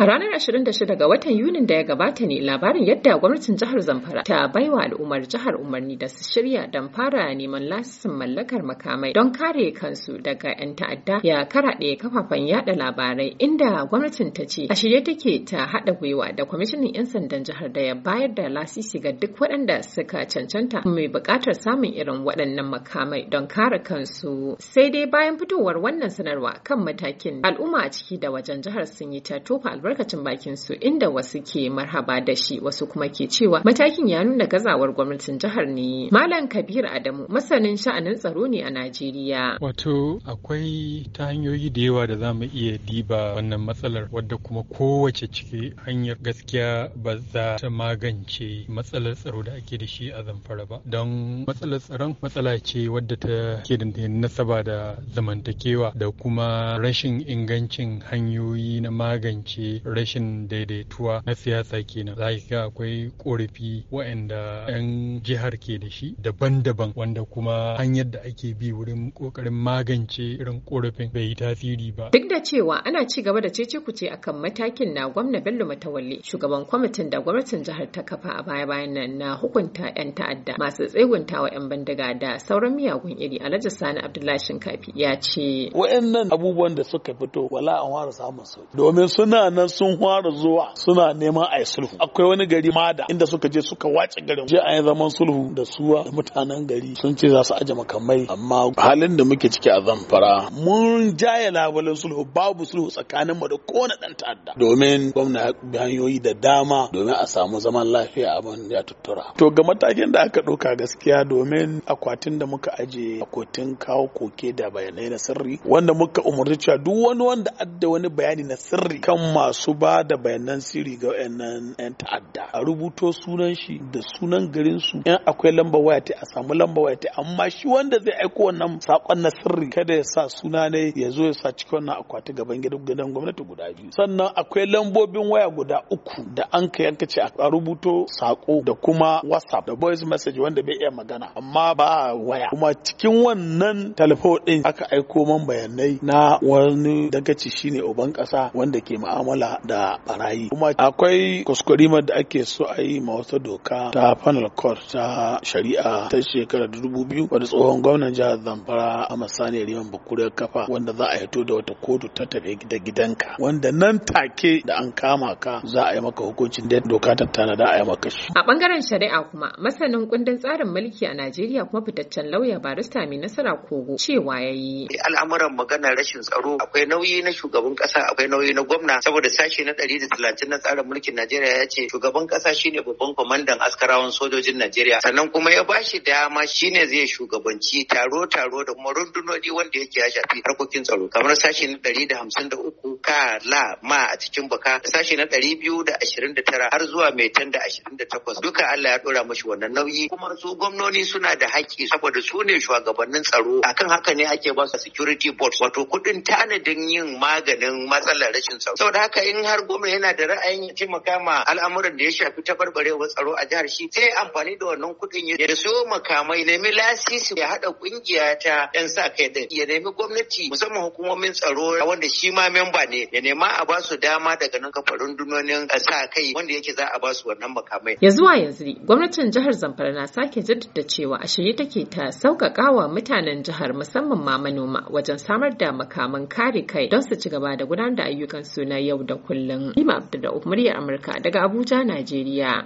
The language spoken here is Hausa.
A ranar 26 ga watan Yunin da ya gabata ne labarin yadda gwamnatin jihar Zamfara ta baiwa al'ummar jihar umarni da su shirya don fara neman lasisin mallakar makamai don kare kansu daga 'yan ta'adda ya karaɗe kafafen yada labarai inda gwamnatin ta ce a shirye take ta haɗa gwiwa da kwamishinan 'yan sandan jihar da ya bayar da lasisi ga duk waɗanda suka cancanta mai buƙatar samun irin waɗannan makamai don kare kansu. Sai dai bayan fitowar wannan sanarwa kan matakin al'umma a ciki da wajen jihar sun yi ta tofa albarkacin bakin su inda wasu ke marhaba da shi wasu kuma ke cewa matakin ya nuna gazawar gwamnatin jihar ne. Malam Kabir Adamu masanin sha'anin tsaro ne a Najeriya. Wato akwai ta hanyoyi da yawa da za mu iya diba wannan matsalar wadda kuma kowace ciki hanyar gaskiya ba za ta magance matsalar tsaro da ake da shi a zamfara ba. Don matsalar tsaron matsala ce wadda ta ke da nasaba da zamantakewa da kuma rashin ingancin hanyoyi na magance rashin daidaituwa na siyasa kenan za ga akwai korafi wa'anda 'yan jihar ke da shi daban-daban wanda kuma hanyar da ake bi wurin kokarin magance irin korafin bai yi tasiri ba duk da cewa ana ci gaba da cece kuce akan matakin na gwamna bello matawalle shugaban kwamitin da gwamnatin jihar ta kafa a baya-bayan nan na hukunta 'yan ta'adda masu tseguntawa 'yan bandiga da sauran miyagun iri alhaji sani abdullahi shinkafi ya ce waɗannan abubuwan da suka fito wala an wara samun su domin suna nan nan sun fara zuwa suna neman a yi sulhu akwai wani gari mada inda suka je suka wace garin je a yi zaman sulhu da suwa da mutanen gari sun ce za su aje makamai amma halin da muke ciki a zamfara mun jaya labalin sulhu babu sulhu tsakanin mu da kowane dan ta'adda domin gwamna ya hanyoyi da dama domin a samu zaman lafiya a abin ya tuttura to ga matakin da aka ɗauka gaskiya domin akwatin da muka aje akwatin kawo koke da bayanai na sirri wanda muka umarci cewa duk wani wanda adda wani bayani na sirri kan masu su ba da bayanan sirri ga wayannan yan ta'adda a rubuto sunan shi da sunan garin su in akwai lamba waya ta a samu lamba waya ta amma shi wanda zai aiko wannan sakon na sirri kada ya sa suna ne ya zo ya sa cikin wannan akwati gaban gidan gwamnati guda biyu sannan akwai lambobin waya guda uku da an ka yanka ce a rubuto sako da kuma whatsapp da voice message wanda bai iya magana amma ba waya kuma cikin wannan talfo din aka aiko man bayanai na wani dagaci shine uban kasa wanda ke mu'amala da barayi kuma akwai kuskurimar da ake so a yi ma wata doka ta panel court ta shari'a ta shekarar dubu biyu wadda tsohon gwamnan jihar zamfara a masaniyar riman bakure kafa wanda za a hito da wata kotu ta tafi da gidanka wanda nan take da an kama ka za a yi maka hukuncin da doka ta tana da a yi maka shi a bangaren shari'a kuma masanin kundin tsarin mulki a najeriya kuma fitaccen lauya barista mai nasara kogo cewa ya yi al'amuran magana rashin tsaro akwai nauyi na shugaban kasa akwai nauyi na gwamna saboda da sashi na talatin na tsarin mulkin Najeriya ya ce shugaban ƙasa shine babban kwamandan askarawan sojojin Najeriya sannan kuma ya bashi dama shine zai shugabanci taro taro da kuma rundunoni wanda yake ya shafi harkokin tsaro kamar sashe na ɗari da da hamsin uku; ka la ma a cikin baka sashe na tara, har zuwa mai da ashirin da takwas. duka Allah ya ɗora mashi wannan nauyi kuma su gwamnoni suna da haƙƙi saboda su ne shugabannin tsaro akan haka ne ake ba su security board wato kuɗin tanadin yin maganin matsalar rashin tsaro saboda haka haka in har gwamna yana da ra'ayin ya taimaka ma al'amuran da ya shafi tabarbarewar tsaro a jihar shi sai amfani da wannan kuɗin ya su makamai nemi lasisi ya haɗa ƙungiya ta 'yan sa kai da ya nemi gwamnati musamman hukumomin tsaro wanda shi ma memba ne ya nema a ba su dama daga nan kafa rundunonin sa kai wanda yake za a ba su wannan makamai. Ya zuwa yanzu gwamnatin jihar Zamfara na sake jaddada cewa a shirye take ta sauƙaƙa wa mutanen jihar musamman ma manoma wajen samar da makaman kare kai don su ci gaba da gudanar da ayyukan su na yau da kullum. Lima Abdullahi, murya Amurka daga Abuja, Najeriya.